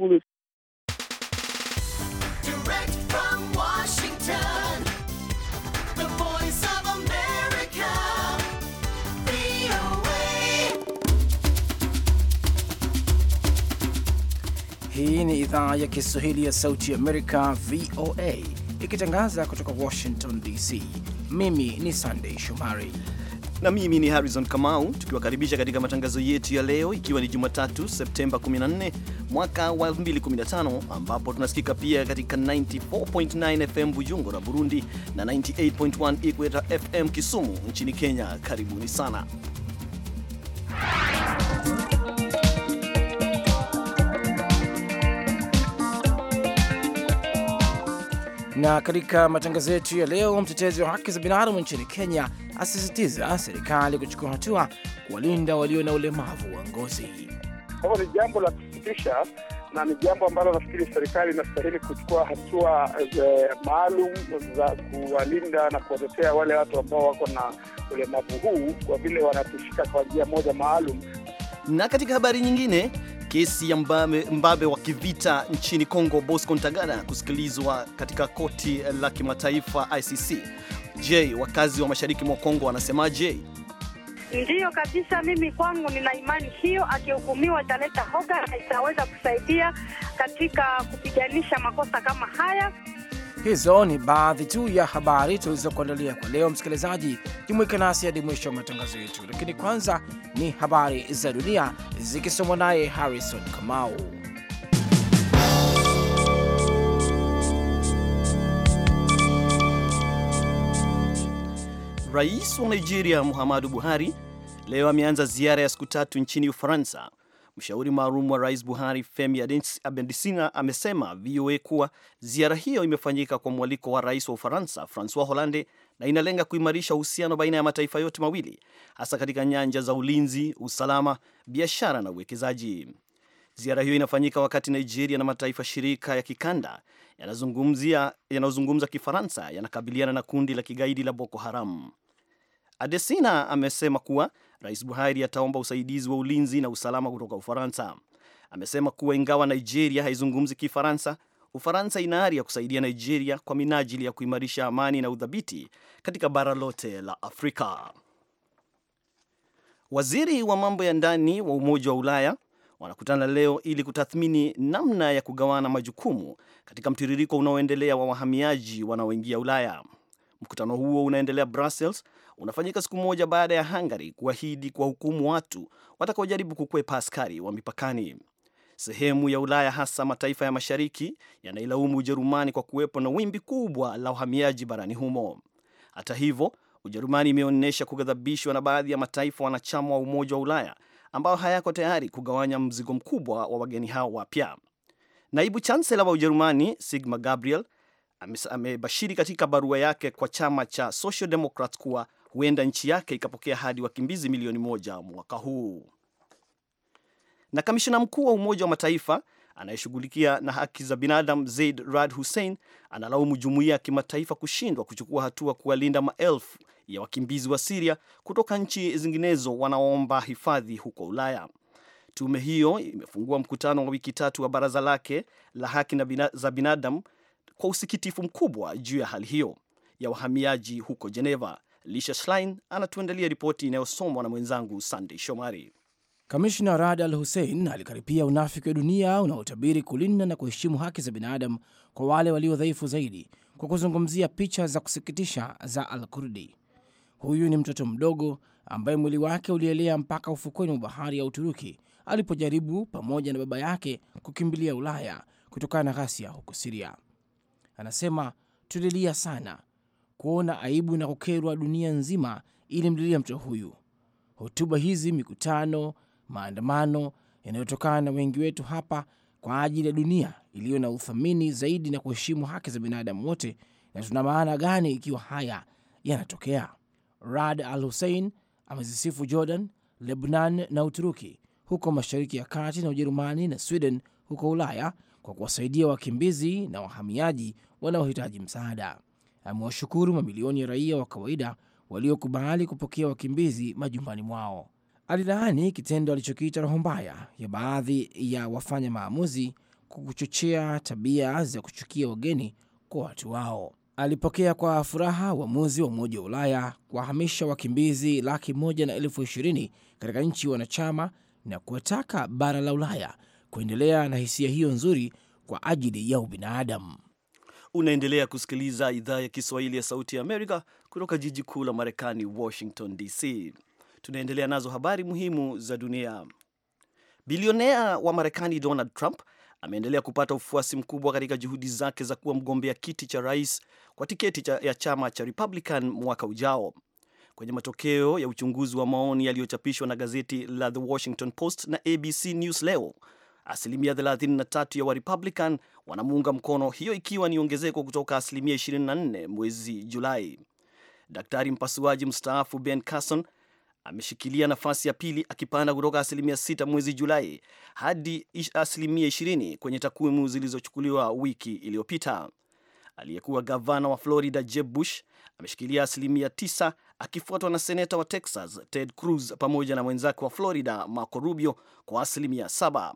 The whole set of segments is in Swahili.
bulur. Hii ni idhaa ya Kiswahili ya Sauti ya Amerika, VOA, ikitangaza kutoka Washington DC. Mimi ni Sandei Shomari na mimi ni Harrison Kamau, tukiwakaribisha katika matangazo yetu ya leo, ikiwa ni Jumatatu Septemba 14 mwaka wa 2015, ambapo tunasikika pia katika 94.9 FM Bujumbura, Burundi na 98.1 Equator FM Kisumu nchini Kenya. Karibuni sana Na katika matangazo yetu ya leo, mtetezi wa haki za binadamu nchini Kenya asisitiza serikali kuchukua hatua kuwalinda walio na ulemavu wa ngozi. Kwa ni jambo la kusikitisha na ni jambo ambalo nafikiri serikali inastahili kuchukua hatua eh, maalum za kuwalinda na kuwatetea wale watu ambao wako na ulemavu huu, kwa vile wanatushika kwa njia moja maalum. Na katika habari nyingine Kesi ya mbabe, mbabe wa kivita nchini Kongo Bosco Ntagana kusikilizwa katika koti la kimataifa ICC. Je, wakazi wa mashariki mwa Kongo wanasemaje? Ndiyo kabisa, mimi kwangu nina imani hiyo. Akihukumiwa italeta hoga na itaweza kusaidia katika kupiganisha makosa kama haya. Hizo ni baadhi tu ya habari tulizokuandalia kwa leo. Msikilizaji, jumuika nasi hadi mwisho wa matangazo yetu, lakini kwanza ni habari za dunia zikisomwa naye Harrison Kamau. Rais wa Nigeria Muhammadu Buhari leo ameanza ziara ya siku tatu nchini Ufaransa Mshauri maalum wa Rais Buhari Femi Abendisina, amesema VOA kuwa ziara hiyo imefanyika kwa mwaliko wa Rais wa Ufaransa Francois Hollande na inalenga kuimarisha uhusiano baina ya mataifa yote mawili hasa katika nyanja za ulinzi, usalama, biashara na uwekezaji. Ziara hiyo inafanyika wakati Nigeria na mataifa shirika ya kikanda yanayozungumza Kifaransa yanakabiliana na kundi la kigaidi la Boko Haram. Adesina amesema kuwa Rais Buhari ataomba usaidizi wa ulinzi na usalama kutoka Ufaransa. Amesema kuwa ingawa Nigeria haizungumzi Kifaransa, Ufaransa ina ari ya kusaidia Nigeria kwa minajili ya kuimarisha amani na udhabiti katika bara lote la Afrika. Waziri wa mambo ya ndani wa Umoja wa Ulaya wanakutana leo ili kutathmini namna ya kugawana majukumu katika mtiririko unaoendelea wa wahamiaji wanaoingia Ulaya. Mkutano huo unaendelea Brussels unafanyika siku moja baada ya Hungary kuahidi kuwahukumu watu watakaojaribu kukwepa askari wa mipakani. Sehemu ya Ulaya, hasa mataifa ya mashariki, yanailaumu Ujerumani kwa kuwepo na wimbi kubwa la uhamiaji barani humo. Hata hivyo, Ujerumani imeonyesha kughadhabishwa na baadhi ya mataifa wanachama wa Umoja wa Ulaya ambayo hayako tayari kugawanya mzigo mkubwa wa wageni hao wapya. Naibu chansela wa Ujerumani Sigmar Gabriel amebashiri katika barua yake kwa chama cha Social Democrats kuwa huenda nchi yake ikapokea hadi wakimbizi milioni moja mwaka huu. Na kamishina mkuu wa Umoja wa Mataifa anayeshughulikia na haki za binadamu Zaid Rad Hussein analaumu jumuiya ya kimataifa kushindwa kuchukua hatua kuwalinda maelfu ya wakimbizi wa Siria kutoka nchi zinginezo wanaomba hifadhi huko Ulaya. Tume hiyo imefungua mkutano wa wiki tatu wa baraza lake la haki bina, za binadamu kwa usikitifu mkubwa juu ya hali hiyo ya wahamiaji huko Geneva. Lisha Schlein anatuandalia ripoti inayosomwa na mwenzangu Sandey Shomari. Kamishna rad Al Hussein alikaripia unafiki wa dunia unaotabiri kulinda na kuheshimu haki za binadamu kwa wale walio dhaifu zaidi kwa kuzungumzia picha za kusikitisha za Al Kurdi. Huyu ni mtoto mdogo ambaye mwili wake ulielea mpaka ufukweni mwa bahari ya Uturuki alipojaribu pamoja na baba yake kukimbilia Ulaya kutokana na ghasia huko Siria. Anasema, tulilia sana kuona aibu na kukerwa dunia nzima ilimlilia mtu huyu. Hotuba hizi, mikutano, maandamano yanayotokana na wengi wetu hapa kwa ajili ya dunia iliyo na uthamini zaidi na kuheshimu haki za binadamu wote, na tuna maana gani ikiwa haya yanatokea? Rad Al Hussein amezisifu Jordan, Lebnan na Uturuki huko Mashariki ya Kati na Ujerumani na Sweden huko Ulaya kwa kuwasaidia wakimbizi na wahamiaji wanaohitaji msaada amewashukuru mamilioni ya raia wa kawaida waliokubali kupokea wakimbizi majumbani mwao. Alilaani kitendo alichokiita roho mbaya ya baadhi ya wafanya maamuzi kwa kuchochea tabia za kuchukia wageni kwa watu wao. Alipokea kwa furaha uamuzi wa Umoja wa Ulaya kuwahamisha wakimbizi laki moja na elfu ishirini katika nchi wanachama na kuwataka bara la Ulaya kuendelea na hisia hiyo nzuri kwa ajili ya ubinadamu. Unaendelea kusikiliza idhaa ya Kiswahili ya Sauti ya Amerika kutoka jiji kuu la Marekani, Washington DC. Tunaendelea nazo habari muhimu za dunia. Bilionea wa Marekani Donald Trump ameendelea kupata ufuasi mkubwa katika juhudi zake za kuwa mgombea kiti cha rais kwa tiketi cha, ya chama cha Republican mwaka ujao. Kwenye matokeo ya uchunguzi wa maoni yaliyochapishwa na gazeti la The Washington Post na ABC News leo, Asilimia 33 ya Warepublican wanamuunga mkono, hiyo ikiwa ni ongezeko kutoka asilimia 24 mwezi Julai. Daktari mpasuaji mstaafu Ben Carson ameshikilia nafasi ya pili akipanda kutoka asilimia 6 mwezi Julai hadi asilimia 20 kwenye takwimu zilizochukuliwa wiki iliyopita. Aliyekuwa gavana wa Florida Jeb Bush ameshikilia asilimia 9 akifuatwa na seneta wa Texas Ted Cruz pamoja na mwenzake wa Florida Marco Rubio kwa asilimia 7.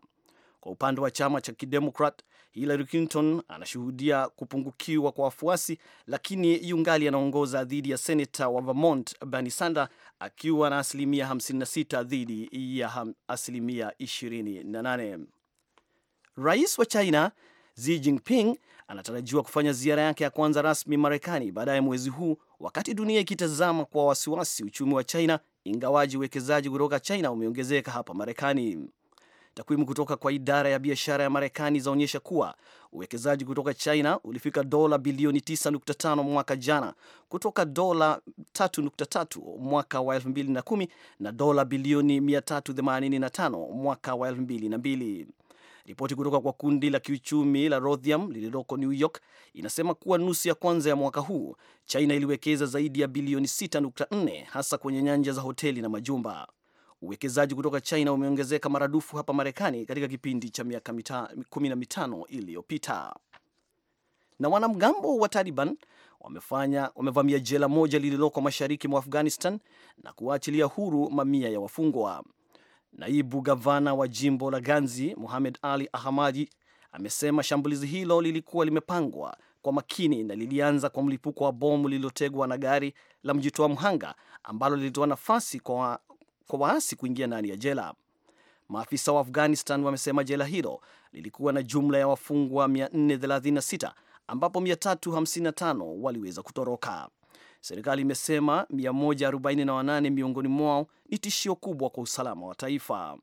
Kwa upande wa chama cha Kidemokrat, Hillary Clinton anashuhudia kupungukiwa kwa wafuasi, lakini yungali anaongoza dhidi ya senata wa Vermont Bernie Sanders akiwa na asilimia 56 dhidi ya asilimia 28. Rais wa China Xi Jinping anatarajiwa kufanya ziara yake ya kwanza rasmi Marekani baadaye mwezi huu, wakati dunia ikitazama kwa wasiwasi uchumi wa China, ingawaji uwekezaji kutoka China umeongezeka hapa Marekani. Takwimu kutoka kwa idara ya biashara ya Marekani zaonyesha kuwa uwekezaji kutoka China ulifika dola bilioni 9.5 mwaka jana kutoka dola 3.3 mwaka wa 2010 na dola bilioni 385 mwaka wa 2002. Ripoti kutoka kwa kundi la kiuchumi la Rothium lililoko New York inasema kuwa nusu ya kwanza ya mwaka huu China iliwekeza zaidi ya bilioni 6.4 hasa kwenye nyanja za hoteli na majumba. Uwekezaji kutoka China umeongezeka maradufu hapa Marekani katika kipindi cha miaka kumi na mitano iliyopita. Na wanamgambo wa Taliban wamefanya wamevamia jela moja lililoko mashariki mwa Afghanistan na kuwaachilia huru mamia ya wafungwa. Naibu gavana wa jimbo la Ganzi, Muhamed Ali Ahmadi, amesema shambulizi hilo lilikuwa limepangwa kwa makini na lilianza kwa mlipuko wa bomu lililotegwa na gari la mjitoa mhanga ambalo lilitoa nafasi kwa kwa waasi kuingia ndani ya jela. Maafisa wa Afghanistan wamesema jela hilo lilikuwa na jumla ya wafungwa 436 ambapo 355 waliweza kutoroka. Serikali imesema 148 miongoni mwao ni tishio kubwa kwa usalama wa taifa.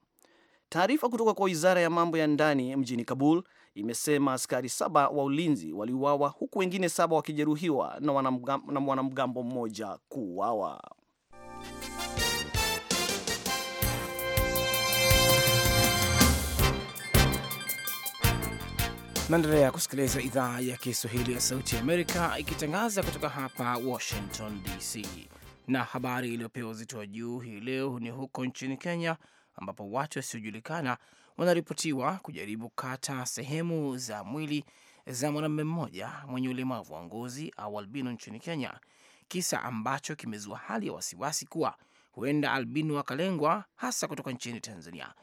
Taarifa kutoka kwa wizara ya mambo ya ndani mjini Kabul imesema askari saba wa ulinzi waliuawa huku wengine saba wakijeruhiwa na mwanamgambo mmoja kuuawa. Tunaendelea kusikiliza idhaa ya Kiswahili ya Sauti Amerika ikitangaza kutoka hapa Washington DC, na habari iliyopewa uzito wa juu hii leo ni huko nchini Kenya ambapo watu wasiojulikana wanaripotiwa kujaribu kata sehemu za mwili za mwanamume mmoja mwenye ulemavu wa ngozi au albino nchini Kenya, kisa ambacho kimezua hali ya wasiwasi kuwa huenda albino akalengwa hasa kutoka nchini Tanzania.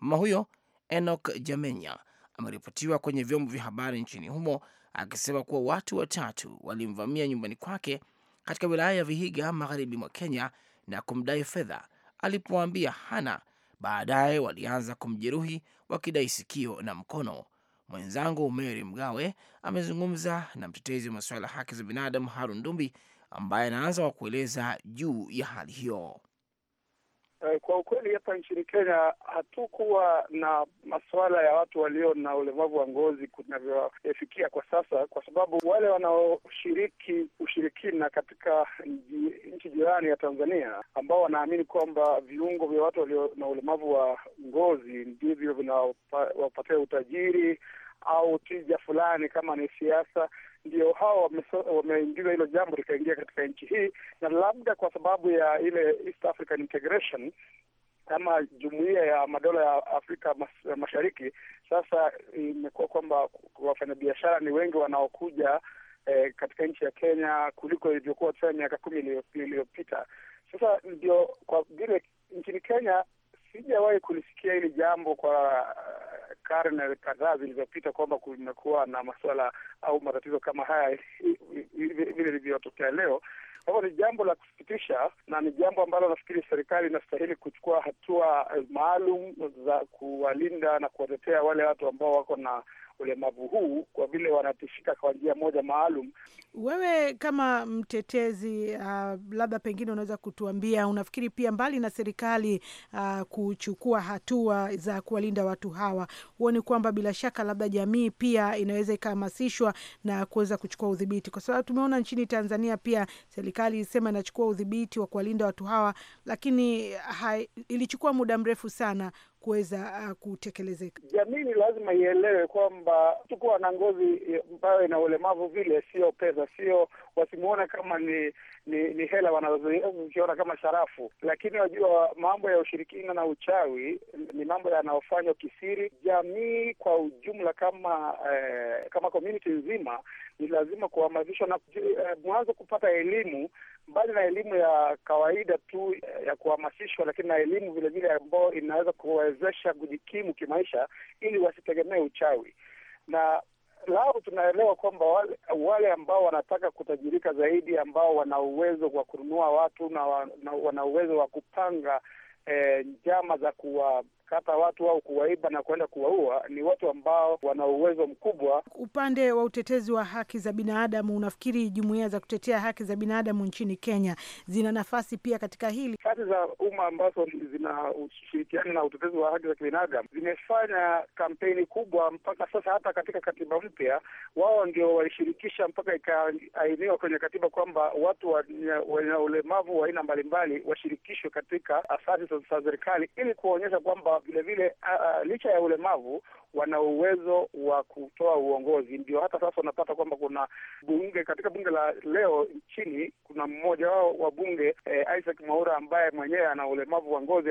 Mama huyo Enoch Jamenya ameripotiwa kwenye vyombo vya habari nchini humo akisema kuwa watu watatu walimvamia nyumbani kwake katika wilaya ya Vihiga magharibi mwa Kenya na kumdai fedha alipoambia hana. Baadaye walianza kumjeruhi wakidai sikio na mkono. Mwenzangu Mary Mgawe amezungumza na mtetezi wa masuala ya haki za binadamu Harun Dumbi ambaye anaanza kwa kueleza juu ya hali hiyo. Eh, kwa ukweli hapa nchini Kenya hatukuwa na masuala ya watu walio na ulemavu wa ngozi kunavyofikia kwa sasa, kwa sababu wale wanaoshiriki ushirikina katika nchi jirani ya Tanzania, ambao wanaamini kwamba viungo vya watu walio na ulemavu wa ngozi ndivyo vinawapatia utajiri au tija fulani, kama ni siasa, ndio hao wameingiza hilo jambo likaingia katika nchi hii, na labda kwa sababu ya ile East African Integration kama jumuia ya madola ya Afrika Mashariki, sasa imekuwa kwamba wafanyabiashara ni wengi wanaokuja eh, katika nchi ya Kenya kuliko ilivyokuwa tuseme miaka kumi iliyopita. Sasa ndio kwa vile nchini Kenya sijawahi kulisikia hili jambo kwa karne kadhaa zilizopita kwamba kumekuwa na masuala au matatizo kama haya vile ilivyotokea leo. Kwa hivyo ni jambo la kusikitisha na ni jambo ambalo nafikiri serikali inastahili kuchukua hatua maalum za kuwalinda na kuwatetea wale watu ambao wako na ulemavu huu kwa vile wanatishika kwa njia moja maalum. Wewe kama mtetezi uh, labda pengine unaweza kutuambia, unafikiri pia mbali na serikali uh, kuchukua hatua za kuwalinda watu hawa, huoni kwamba bila shaka labda jamii pia inaweza ikahamasishwa na kuweza kuchukua udhibiti? Kwa sababu tumeona nchini Tanzania pia serikali ilisema inachukua udhibiti wa kuwalinda watu hawa, lakini hai, ilichukua muda mrefu sana kuweza uh, kutekelezeka. Jamii ni lazima ielewe kwamba mtu kuwa na ngozi ambayo ina ulemavu vile sio pesa, sio wasimuone kama ni ni, ni hela wanazoziona kama sharafu, lakini wajua mambo ya ushirikina na uchawi ni mambo yanayofanywa kisiri. Jamii kwa ujumla kama eh, kama community nzima ni lazima kuhamasishwa na eh, mwanzo kupata elimu mbali na elimu ya kawaida tu eh, ya kuhamasishwa, lakini na elimu vilevile ambayo inaweza kuwawezesha kujikimu kimaisha ili wasitegemee uchawi. Na lao tunaelewa kwamba wale, wale ambao wanataka kutajirika zaidi, ambao wana uwezo wa kununua watu na, na wana uwezo wa kupanga eh, njama za kuwa kukata watu au kuwaiba na kwenda kuwaua ni watu ambao wana uwezo mkubwa. Upande wa utetezi wa haki za binadamu, unafikiri jumuiya za kutetea haki za binadamu nchini Kenya zina nafasi pia katika hili? Kazi za umma ambazo zinashirikiana na utetezi wa haki za kibinadamu zimefanya kampeni kubwa mpaka sasa, hata katika katiba mpya wao ndio walishirikisha mpaka ikaainiwa kwenye katiba kwamba watu wenye ulemavu wa aina mbalimbali washirikishwe katika asasi za serikali ili kuonyesha kwamba vilevile uh, licha ya ulemavu wana uwezo wa kutoa uongozi. Ndio hata sasa unapata kwamba kuna bunge katika bunge la leo nchini, kuna mmoja wao wa bunge eh, Isaac Mwaura ambaye mwenyewe ana ulemavu wa ngozi.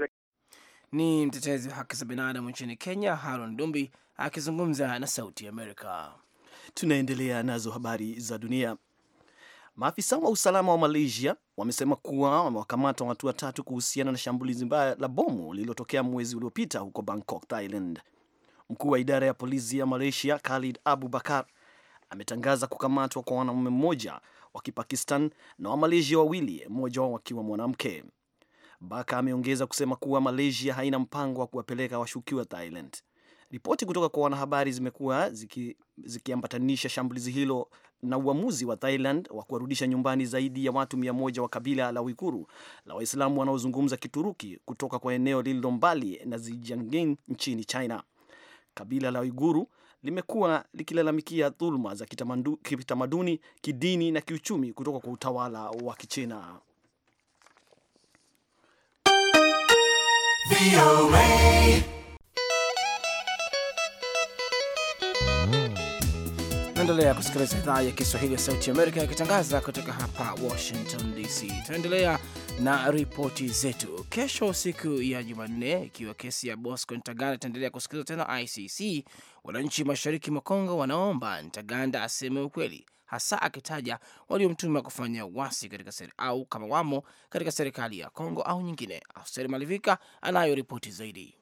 Ni mtetezi wa haki za binadamu nchini Kenya, Haron Dumbi akizungumza na Sauti Amerika. Tunaendelea nazo habari za dunia. Maafisa wa usalama wa Malaysia wamesema kuwa wamewakamata watu watatu kuhusiana na shambulizi mbaya la bomu lililotokea mwezi uliopita huko Bangkok, Thailand. Mkuu wa idara ya polisi ya Malaysia Khalid Abu Bakar ametangaza kukamatwa kwa wanaume mmoja wa Kipakistan na Wamalaysia wawili, mmoja wao akiwa mwanamke. Baka ameongeza kusema kuwa Malaysia haina mpango wa kuwapeleka washukiwa Thailand. Ripoti kutoka kwa wanahabari zimekuwa zikiambatanisha ziki shambulizi hilo na uamuzi wa Thailand wa kuwarudisha nyumbani zaidi ya watu mia moja wa kabila la Uikuru la Waislamu wanaozungumza Kituruki kutoka kwa eneo lililo mbali na zijangin nchini China. Kabila la Uiguru limekuwa likilalamikia dhuluma za kitamaduni, kidini na kiuchumi kutoka kwa utawala wa Kichina. VOA. Unaendelea kusikiliza idhaa ya Kiswahili ya Sauti Amerika ikitangaza kutoka hapa Washington DC. Tunaendelea na ripoti zetu. Kesho siku ya Jumanne, ikiwa kesi ya Bosco Ntaganda itaendelea kusikilizwa tena ICC, wananchi mashariki mwa Kongo wanaomba Ntaganda aseme ukweli, hasa akitaja waliomtuma kufanya uasi katika seri, au kama wamo katika serikali ya Kongo au nyingine. Austeri Malivika anayo ripoti zaidi.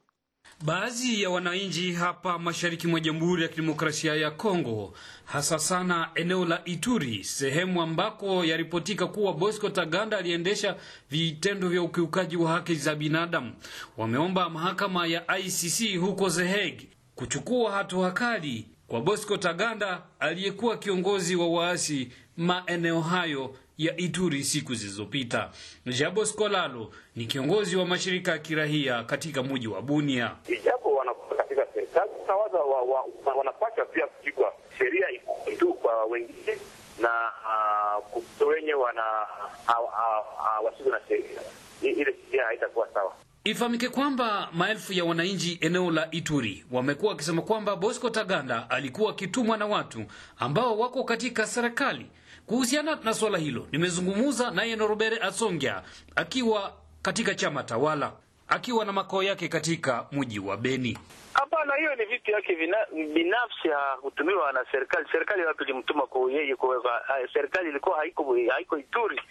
Baadhi ya wananchi hapa mashariki mwa Jamhuri ya Kidemokrasia ya Kongo, hasa sana eneo la Ituri, sehemu ambako yaripotika kuwa Bosco Taganda aliendesha vitendo vya ukiukaji wa haki za binadamu, wameomba mahakama ya ICC huko The Hague kuchukua hatua kali kwa Bosco Taganda aliyekuwa kiongozi wa waasi maeneo hayo ya Ituri siku zilizopita. Jabo Skolalo ni kiongozi wa mashirika ya kirahia katika mji wa Bunia. Ijapo wanakuwa katika serikali sawaza wa, wa, wa, wanapaswa pia kuchukua sheria tu kwa wengine na uh, wenye wana ah, ah, wasizo na sheria, ile sheria haitakuwa sawa. Ifahamike kwamba maelfu ya wananchi eneo la Ituri wamekuwa wakisema kwamba Bosco Taganda alikuwa akitumwa na watu ambao wako katika serikali Kuhusiana na swala hilo nimezungumza naye Norobere Asongia akiwa katika chama tawala akiwa na makao yake katika mji wa Beni. Hapana, hiyo ni vitu yake binafsi ya kutumiwa na serikali. Serikali wapi ilimtuma kwa yeye kuweka? Ah, serikali ilikuwa haiko haiko Ituri,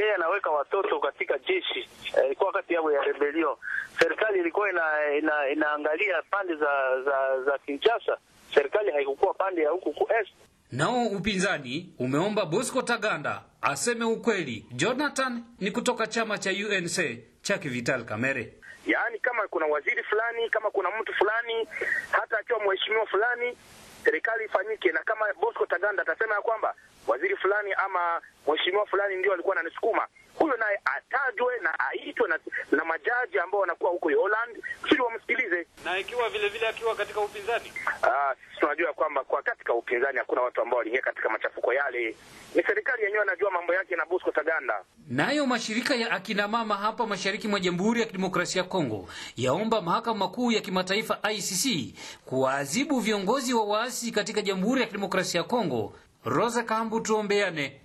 yeye anaweka watoto katika jeshi. Eh, ilikuwa wakati yao ya rebelio, serikali ilikuwa ina, ina, inaangalia pande za za, za Kinshasa serikali haikukuwa pande ya huku kuest. Nao upinzani umeomba Bosco Taganda aseme ukweli. Jonathan ni kutoka chama cha UNC cha Vital Kamere. Yaani, kama kuna waziri fulani, kama kuna mtu fulani, hata akiwa mheshimiwa fulani, serikali ifanyike. Na kama Bosco Taganda atasema ya kwamba waziri fulani ama mheshimiwa fulani ndio alikuwa ananisukuma huyo naye atajwe na aitwe na, na majaji ambao wanakuwa huko Holland kusudi wamsikilize, na ikiwa vile vile akiwa katika upinzani. Ah, sisi tunajua kwamba kwa katika upinzani hakuna watu ambao waliingia katika machafuko yale, ni serikali yenyewe anajua mambo yake na Bosco Taganda. Nayo mashirika ya akina mama hapa mashariki mwa Jamhuri ya Kidemokrasia ya Kongo yaomba mahakama kuu ya kimataifa ICC kuwaadhibu viongozi wa waasi katika Jamhuri ya Kidemokrasia ya Kongo. Rosa Kambu, tuombeane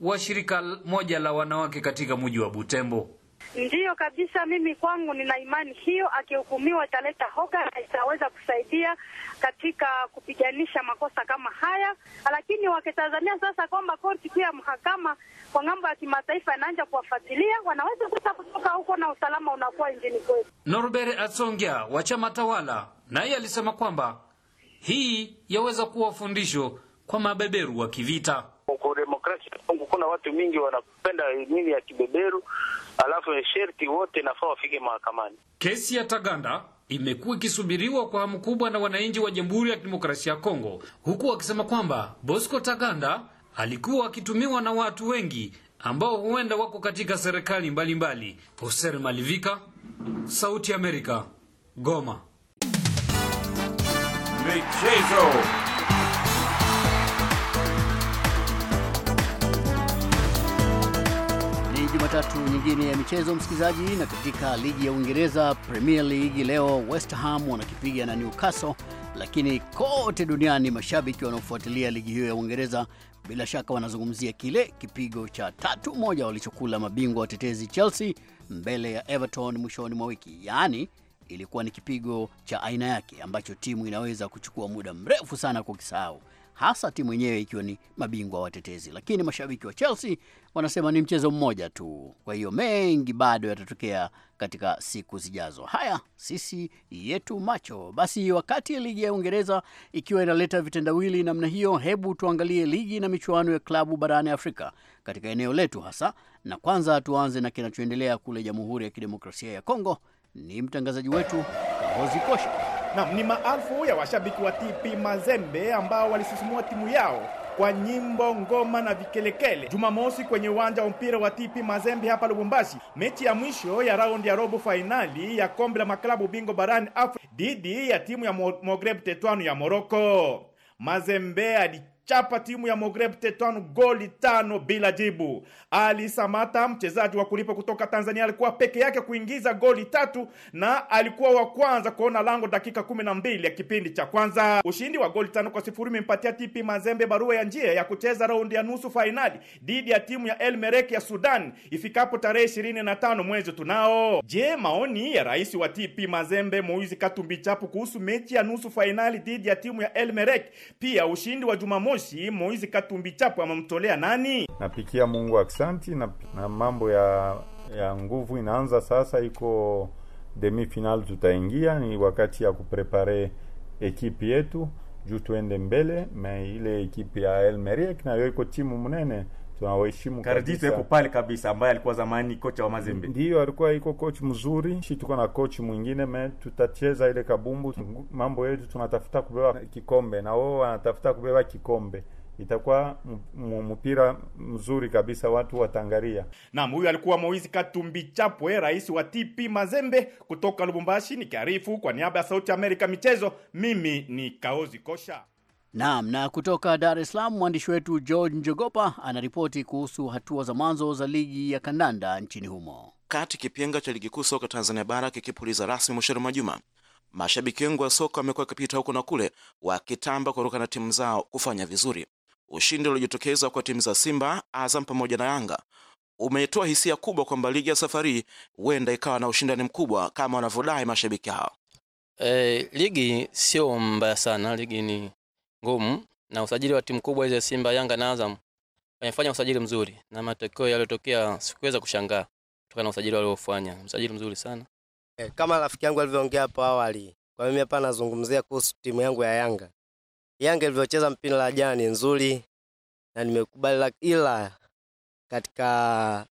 wa shirika moja la wanawake katika mji wa Butembo. Ndiyo kabisa, mimi kwangu nina imani hiyo. Akihukumiwa italeta hoga na itaweza kusaidia katika kupiganisha makosa kama haya, lakini wakitazamia sasa kwamba korti kuu ya mahakama kwa ng'ambo ya kimataifa inaanza kuwafuatilia, wanaweza sasa kutoka huko na usalama unakuwa nchini kwetu. Norbert Atsongia wa chama tawala naye alisema kwamba hii yaweza kuwa fundisho kwa mabeberu wa kivita nchi Kongo kuna watu mingi wanapenda nini ya kibeberu, alafu sherti wote nafaa wafike mahakamani. Kesi ya Taganda imekuwa ikisubiriwa kwa hamu kubwa na wananchi wa Jamhuri ya Kidemokrasia ya Kongo, huku wakisema kwamba Bosco Taganda alikuwa akitumiwa na watu wengi ambao huenda wako katika serikali mbalimbali. Hoser Malivika, Sauti ya Amerika, Goma. Michezo. Jumatatu nyingine ya michezo msikilizaji, na katika ligi ya Uingereza Premier League leo West Ham wanakipiga na Newcastle, lakini kote duniani mashabiki wanaofuatilia ligi hiyo ya Uingereza bila shaka wanazungumzia kile kipigo cha tatu moja walichokula mabingwa watetezi Chelsea mbele ya Everton mwishoni mwa wiki. Yaani ilikuwa ni kipigo cha aina yake ambacho timu inaweza kuchukua muda mrefu sana kukisahau hasa timu yenyewe ikiwa ni mabingwa watetezi, lakini mashabiki wa Chelsea wanasema ni mchezo mmoja tu. Kwa hiyo mengi bado yatatokea katika siku zijazo. Haya, sisi yetu macho. Basi wakati ligi ya Uingereza ikiwa inaleta vitendawili namna hiyo, hebu tuangalie ligi na michuano ya klabu barani Afrika katika eneo letu hasa, na kwanza tuanze na kinachoendelea kule Jamhuri ya Kidemokrasia ya Kongo. Ni mtangazaji wetu Kahozi Kosha. Na ni maelfu ya washabiki wa TP Mazembe ambao walisisimua timu yao kwa nyimbo, ngoma na vikelekele Jumamosi kwenye uwanja wa mpira wa TP Mazembe hapa Lubumbashi, mechi ya mwisho ya raundi ya robo fainali ya kombe la maklabu bingo barani Afrika dhidi ya timu ya Mo Magreb Tetwano ya Moroko. Mazembe chapa timu ya Mogreb Tetuan goli tano bila jibu. Ali Samata, mchezaji wa kulipa kutoka Tanzania, alikuwa peke yake kuingiza goli tatu na alikuwa wa kwanza kuona lango dakika kumi na mbili ya kipindi cha kwanza. Ushindi wa goli tano kwa sifuri umempatia TP Mazembe barua ya njia ya kucheza raundi ya nusu fainali dhidi ya timu ya El Merek ya Sudan ifikapo tarehe tano mwezi tunao. Je, maoni ya rais wa TP Mazembe Moizi Katumbi Chapu kuhusu mechi ya nusu fainali dhidi ya timu ya El Merek, pia ushindi wa Jumamosi haitoshi, Moizi Katumbi Chapwe amemtolea nani? Napikia Mungu aksanti na, na mambo ya ya nguvu inaanza sasa, iko demi final tutaingia, ni wakati ya kuprepare ekipi yetu juu tuende mbele. Me ile ekipi ya El Merriekh nayo iko timu mnene tunawaheshimu Karedito yuko pale kabisa, ambaye alikuwa zamani kocha wa Mazembe. Ndiyo, alikuwa iko kochi mzuri. Shi tuko na kochi mwingine me, tutacheza ile kabumbu. Mambo yetu tunatafuta kubeba kikombe na wao wanatafuta kubeba kikombe itakuwa mpira mzuri kabisa, watu watangaria. Naam, huyu alikuwa Moizi Katumbi Chapwe, rais wa TP Mazembe kutoka Lubumbashi. Nikiarifu kwa niaba ya Sauti Amerika michezo, mimi ni Kaozi Kosha. Naam, na kutoka Dar es Salaam mwandishi wetu George Njogopa anaripoti kuhusu hatua za mwanzo za ligi ya kandanda nchini humo. Kati kipenga cha ligi kuu soka Tanzania bara kikipuliza rasmi mwishoni mwa juma, mashabiki wengi wa soka wamekuwa wakipita huko na kule wakitamba kutokana na timu zao kufanya vizuri. Ushindi uliojitokeza kwa timu za Simba, Azam pamoja na Yanga umetoa hisia kubwa kwamba ligi ya safari huenda ikawa na ushindani mkubwa kama wanavyodai mashabiki hao. E, ligi sio mbaya sana, ligi ni ngumu na usajili wa timu kubwa hizi Simba, Yanga na Azam wamefanya usajili mzuri, na matokeo yaliyotokea sikuweza kushangaa kutokana na usajili waliofanya, usajili mzuri sana. E, kama rafiki yangu alivyoongea hapo awali, kwa mimi hapa nazungumzia kuhusu timu yangu ya Yanga. Yanga ilivyocheza mpira la jana ni nzuri na nimekubali, ila katika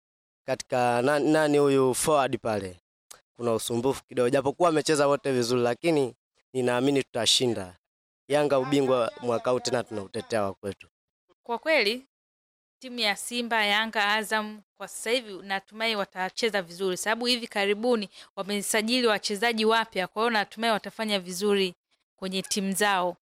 katika nani, nani huyu forward pale kuna usumbufu kidogo, japokuwa amecheza wote vizuri, lakini ninaamini tutashinda. Yanga ubingwa mwaka huu tena tunautetea wa kwetu. Kwa kweli timu ya Simba, Yanga, Azam kwa sasa hivi natumai watacheza vizuri, sababu hivi karibuni wamesajili wachezaji wapya, kwa hiyo natumai watafanya vizuri kwenye timu zao.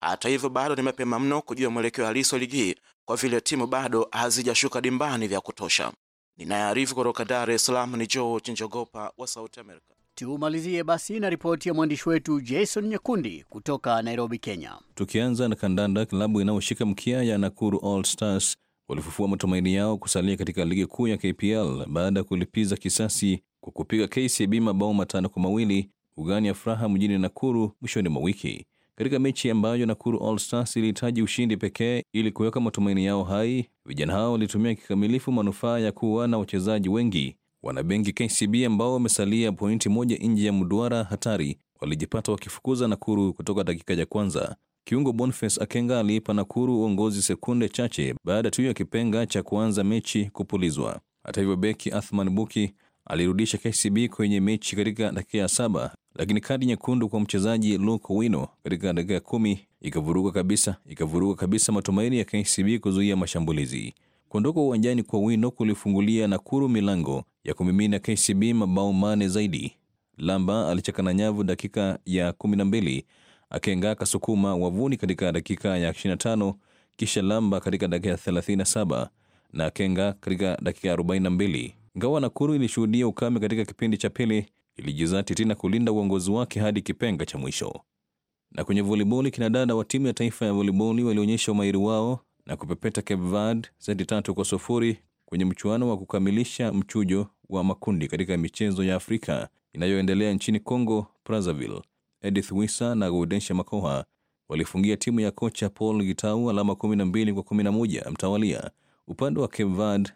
Hata hivyo bado ni mapema mno kujua mwelekeo halisi wa ligi hii kwa vile timu bado hazijashuka dimbani vya kutosha. Ninayearifu kutoka Dar es Salaam ni George Njogopa wa South America. Tumalizie basi na ripoti ya mwandishi wetu Jason Nyakundi kutoka Nairobi, Kenya. Tukianza na kandanda, klabu inayoshika mkia ya Nakuru All Stars walifufua matumaini yao kusalia katika ligi kuu ya KPL baada ya kulipiza kisasi kwa kupiga KCB mabao matano kwa mawili ugani ya furaha mjini Nakuru mwishoni mwa wiki katika mechi ambayo Nakuru All Stars ilihitaji ushindi pekee ili kuweka matumaini yao hai. Vijana hao walitumia kikamilifu manufaa ya kuwa na wachezaji wengi Wanabenki KCB ambao wamesalia pointi moja nje ya mduara hatari walijipata wakifukuza Nakuru kutoka dakika ya kwanza. Kiungo Boniface Akenga aliipa Nakuru uongozi sekunde chache baada tu ya kipenga cha kuanza mechi kupulizwa. Hata hivyo, beki Athman Buki alirudisha KCB kwenye mechi katika dakika ya saba, lakini kadi nyekundu kwa mchezaji Luke Wino katika dakika ya kumi ikavuruga kabisa ikavuruga kabisa matumaini ya KCB kuzuia mashambulizi. Kuondoka uwanjani kwa Wino kulifungulia Nakuru milango ya kumimina KCB mabao mane zaidi. Lamba alicheka na nyavu dakika ya 12, Akenga akasukuma wavuni katika dakika ya 25, kisha Lamba katika dakika ya 37 na Akenga katika dakika ya 42. na Nakuru ilishuhudia ukame katika kipindi cha pili, ilijizatiti tena kulinda uongozi wake hadi kipenga cha mwisho. Na kwenye voliboli, kinadada wa timu ya taifa ya voliboli walionyesha umahiri wao na kupepeta Cape Verde seti tatu kwa sufuri kwenye mchuano wa kukamilisha mchujo wa makundi katika michezo ya Afrika inayoendelea nchini Congo Brazzaville. Edith Wisa na Gaudensha Makoha walifungia timu ya kocha Paul Gitau alama 12 kwa 11 mtawalia. Upande wa Cape Verde,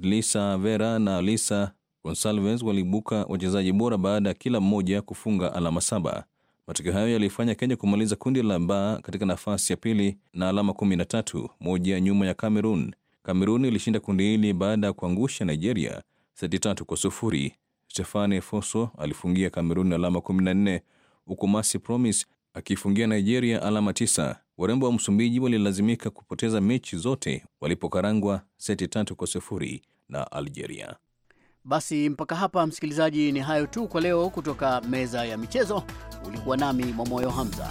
Lisa Vera na Lisa Gonsalves walibuka wachezaji bora baada ya kila mmoja kufunga alama saba. Matokeo hayo yalifanya Kenya kumaliza kundi la ba katika nafasi ya pili na alama 13, moja nyuma ya Cameroon kameruni ilishinda kundi hili baada ya kuangusha Nigeria seti tatu kwa sufuri. Stefane Foso alifungia kameruni alama 14 huku Masi Promise akifungia Nigeria alama tisa. Warembo wa Msumbiji walilazimika kupoteza mechi zote walipokarangwa seti tatu kwa sufuri na Algeria. Basi mpaka hapa, msikilizaji, ni hayo tu kwa leo kutoka meza ya michezo. Ulikuwa nami Momoyo Hamza.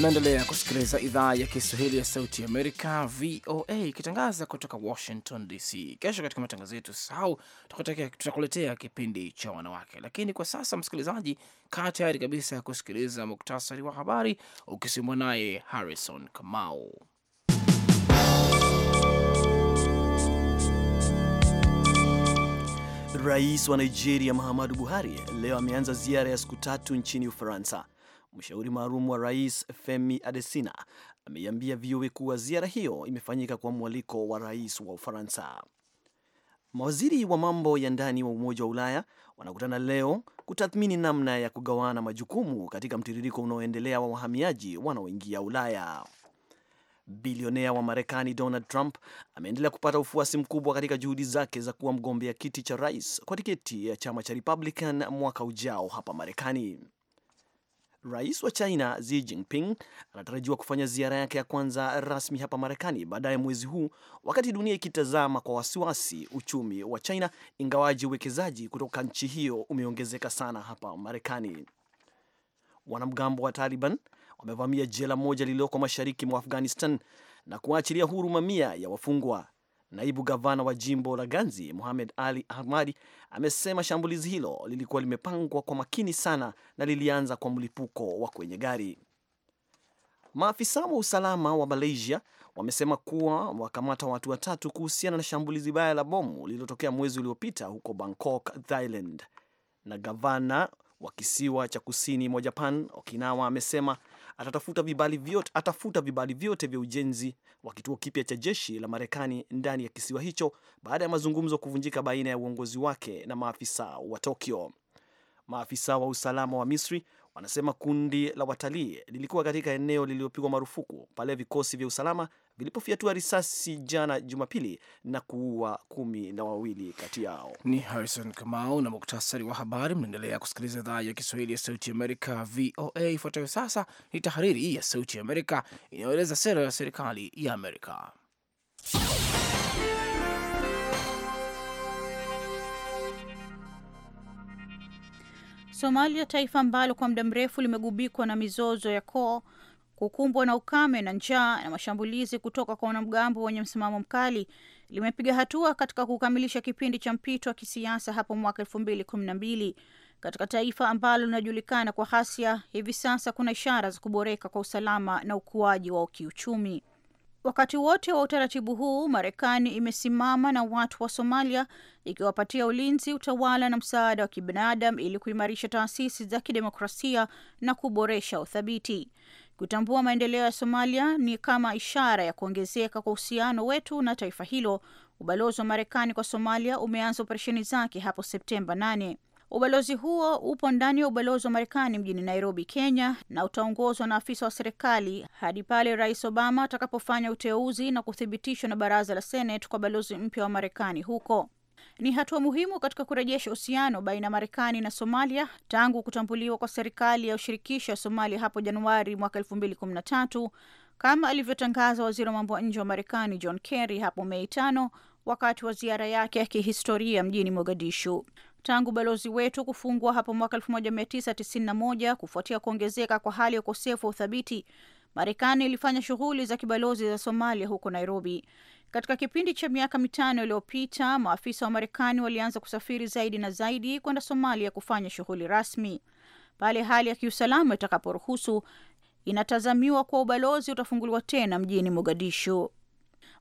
Naendelea kusikiliza idhaa ya Kiswahili ya Sauti Amerika, VOA, ikitangaza kutoka Washington DC. Kesho katika matangazo yetu sahau, tutakuletea kipindi cha wanawake, lakini kwa sasa, msikilizaji, kaa tayari kabisa ya kusikiliza muktasari wa habari ukisimwa naye Harrison Kamau. Rais wa Nigeria Muhammadu Buhari leo ameanza ziara ya siku tatu nchini Ufaransa. Mshauri maalum wa rais Femi Adesina ameiambia VOA kuwa ziara hiyo imefanyika kwa mwaliko wa rais wa Ufaransa. Mawaziri wa mambo ya ndani wa Umoja wa Ulaya wanakutana leo kutathmini namna ya kugawana majukumu katika mtiririko unaoendelea wa wahamiaji wanaoingia Ulaya. Bilionea wa Marekani Donald Trump ameendelea kupata ufuasi mkubwa katika juhudi zake za kuwa mgombea kiti cha rais kwa tiketi ya chama cha Republican mwaka ujao hapa Marekani. Rais wa China Xi Jinping anatarajiwa kufanya ziara yake ya kwanza rasmi hapa Marekani baadaye mwezi huu, wakati dunia ikitazama kwa wasiwasi uchumi wa China, ingawaji uwekezaji kutoka nchi hiyo umeongezeka sana hapa Marekani. Wanamgambo wa Taliban wamevamia jela moja lililoko mashariki mwa Afghanistan na kuwaachilia huru mamia ya wafungwa. Naibu gavana wa jimbo la Ganzi, muhamed Ali Ahmadi, amesema shambulizi hilo lilikuwa limepangwa kwa makini sana na lilianza kwa mlipuko wa kwenye gari. Maafisa wa usalama wa Malaysia wamesema kuwa wakamata watu watatu kuhusiana na shambulizi baya la bomu lililotokea mwezi uliopita huko Bangkok, Thailand. Na gavana wa kisiwa cha kusini mwa Japan, Okinawa, amesema atatafuta vibali vyote, atafuta vibali vyote vya ujenzi wa kituo kipya cha jeshi la Marekani ndani ya kisiwa hicho baada ya mazungumzo kuvunjika baina ya uongozi wake na maafisa wa Tokyo. Maafisa wa usalama wa Misri wanasema kundi la watalii lilikuwa katika eneo lililopigwa marufuku pale vikosi vya usalama vilipofyatua risasi jana Jumapili na kuua kumi na wawili kati yao. Ni Harrison Kamau na muktasari wa habari. Mnaendelea kusikiliza idhaa ya Kiswahili ya Sauti Amerika, VOA. Ifuatayo sasa ni tahariri ya Sauti Amerika inayoeleza sera ya serikali ya Amerika. Somalia, taifa ambalo kwa muda mrefu limegubikwa na mizozo ya koo kukumbwa na ukame na njaa na mashambulizi kutoka kwa wanamgambo wenye msimamo mkali limepiga hatua katika kukamilisha kipindi cha mpito wa kisiasa hapo mwaka elfu mbili kumi na mbili katika taifa ambalo linajulikana kwa ghasia. Hivi sasa kuna ishara za kuboreka kwa usalama na ukuaji wa kiuchumi. Wakati wote wa utaratibu huu, Marekani imesimama na watu wa Somalia ikiwapatia ulinzi, utawala na msaada wa kibinadam ili kuimarisha taasisi za kidemokrasia na kuboresha uthabiti. Kutambua maendeleo ya Somalia ni kama ishara ya kuongezeka kwa uhusiano wetu na taifa hilo. Ubalozi wa Marekani kwa Somalia umeanza operesheni zake hapo Septemba 8. Ubalozi huo upo ndani ya ubalozi wa Marekani mjini Nairobi, Kenya, na utaongozwa na afisa wa serikali hadi pale Rais Obama atakapofanya uteuzi na kuthibitishwa na baraza la Seneti kwa balozi mpya wa Marekani huko ni hatua muhimu katika kurejesha uhusiano baina ya Marekani na Somalia tangu kutambuliwa kwa serikali ya ushirikisho ya Somalia hapo Januari mwaka tatu kama alivyotangaza waziri wa mambo ya nje wa Marekani John Kerry hapo Mei tano wakati wa ziara yake ya kihistoria mjini Mogadishu. Tangu balozi wetu kufungwa hapo mwaka 1991 kufuatia kuongezeka kwa hali ya ukosefu wa uthabiti, Marekani ilifanya shughuli za kibalozi za Somalia huko Nairobi. Katika kipindi cha miaka mitano iliyopita, maafisa wa Marekani walianza kusafiri zaidi na zaidi kwenda Somalia kufanya shughuli rasmi. Pale hali ya kiusalama itakaporuhusu, inatazamiwa kuwa ubalozi utafunguliwa tena mjini Mogadishu.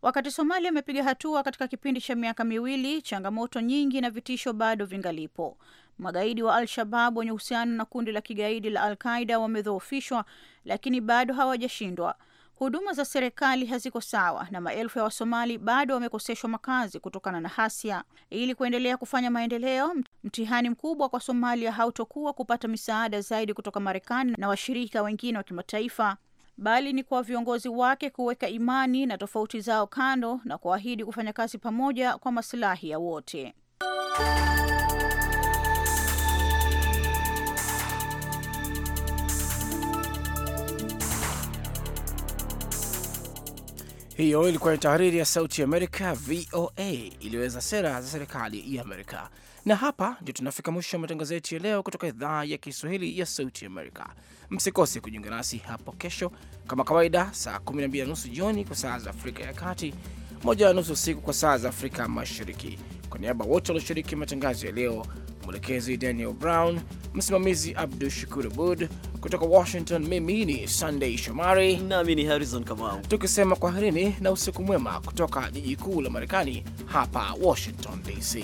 Wakati Somalia imepiga hatua katika kipindi cha miaka miwili, changamoto nyingi na vitisho bado vingalipo. Magaidi wa Al-Shabab wenye uhusiano na kundi la kigaidi la Al-Qaida wamedhoofishwa, lakini bado hawajashindwa. Huduma za serikali haziko sawa na maelfu ya Wasomali bado wamekoseshwa makazi kutokana na hasia. Ili kuendelea kufanya maendeleo, mtihani mkubwa kwa Somalia hautokuwa kupata misaada zaidi kutoka Marekani na washirika wengine wa kimataifa, bali ni kwa viongozi wake kuweka imani na tofauti zao kando na kuahidi kufanya kazi pamoja kwa masilahi ya wote. Hiyo ilikuwa ni tahariri ya Sauti Amerika, VOA, iliyoweza sera za serikali ya Amerika. Na hapa ndio tunafika mwisho wa matangazo yetu ya leo kutoka idhaa ya Kiswahili ya Sauti Amerika. Msikose kujiunga nasi hapo kesho kama kawaida, saa 12 na nusu jioni kwa saa za Afrika ya Kati, moja na nusu usiku kwa saa za Afrika Mashariki. Kwa niaba wote walioshiriki matangazo ya leo mwelekezi Daniel Brown, msimamizi Abdu Shakur Abud kutoka Washington. Mimi ni Sunday Shomari nami ni Harrison Kamau, tukisema kwaherini na usiku mwema kutoka jiji kuu la Marekani, hapa Washington DC.